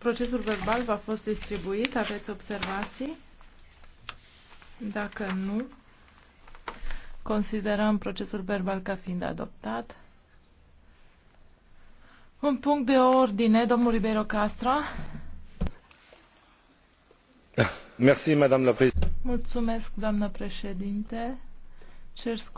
Procesul verbal v-a fost distribuit. Aveți observații? Dacă nu, considerăm procesul verbal ca fiind adoptat. Un punct de ordine, domnul Ribeiro Castra. Mulțumesc, doamnă președinte. Cer